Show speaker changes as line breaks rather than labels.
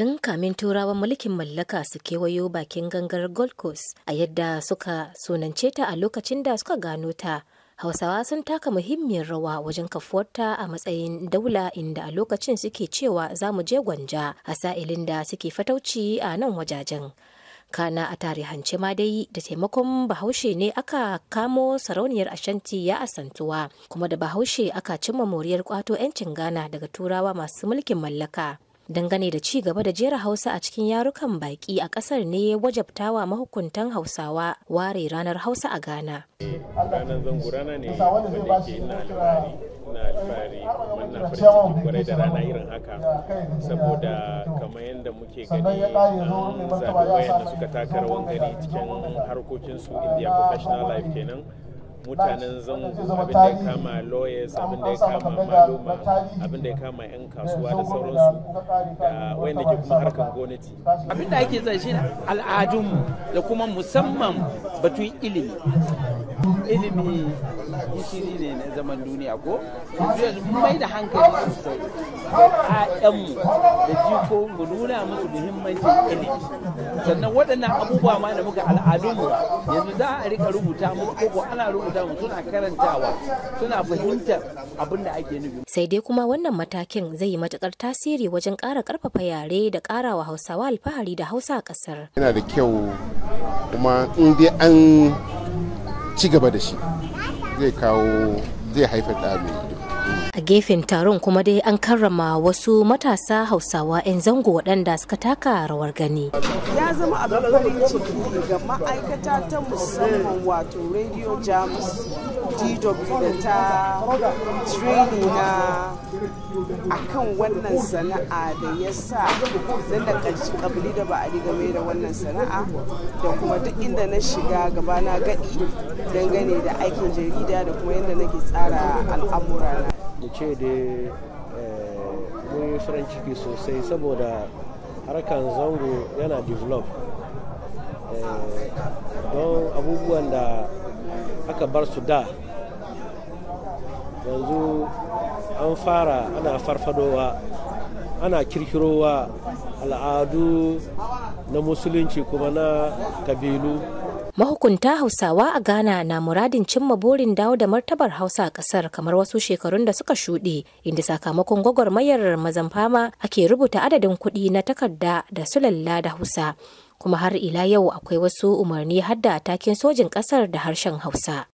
tun kamin turawan mulkin mallaka su kewayo bakin gangar gold coast a yadda suka sunance ta a lokacin da suka gano ta hausawa sun taka muhimmiyar rawa wajen kafuwarta a matsayin daula inda a lokacin suke cewa za mu je gwanja a sa'ilin da suke fatauci a nan wajajen kana a tarihance ma dai da taimakon bahaushe ne aka kamo sarauniyar ashanti ya asantuwa kuma da bahaushe aka cimma moriyar kwato 'yancin ghana daga turawa masu mulkin mallaka dangane da ci gaba da jera hausa a cikin yarukan baki a kasar ne ya wajabtawa mahukuntan hausawa ware ranar hausa a ghana ranar ne ke alfahari farin ciki kwarai da rana irin haka saboda kamar yadda muke gani an wayan um, wayanda suka taka rawan gani cikin harkokinsu india professional life kenan mutanen zango abin da ya kama lawyers abin da ya kama maluma abin da ya kama 'yan kasuwa da sauransu da wanda ke kuma harkar gwamnati abin da ake zai shi al'adunmu da kuma musamman batun ilimi ilimi gishiri ne na zaman duniya ko mai da hankali sosai ƴaƴanmu da jiko mu nuna musu muhimmancin ilimi sannan waɗannan abubuwa ma da muka al'adunmu yanzu za a rika rubuta mu ko ana rubuta mutum suna karantawa suna fahimtar abin da ake nufi sai dai kuma wannan matakin zai yi matukar tasiri wajen ƙara ƙarfafa yare da wa hausawa alfahari da hausa a ƙasar yana da kyau kuma in dai an ci gaba da shi zai kawo zai haifar da abin a gefen taron kuma dai an karrama wasu matasa hausawa 'yan zango waɗanda suka taka rawar gani ya zama abin farin ciki ga ma'aikata ta musamman wato radio jamus dw da ta training na akan wannan sana'a da ya sa zan da ƙarshi ƙabili da ba a game da wannan sana'a da kuma duk inda na shiga gabana gaɗi dangane da aikin jarida da kuma yadda nake tsara al'amurana da ce da eh, mun yi farin ciki sosai saboda harkar zango yana develop eh, don abubuwan da aka bar su da yanzu an fara ana farfadowa ana kirkirowa al'adu na musulunci kuma na kabilu Mahukunta Hausawa a Ghana na muradin cimma burin dawo da martabar Hausa a ƙasar kamar wasu shekarun da suka shuɗe, inda sakamakon gwagwarmayar mazan fama ake rubuta adadin kuɗi na takarda da sulalla da Hausa. Kuma har ila yau akwai wasu umarni hadda takin sojin ƙasar da harshen Hausa.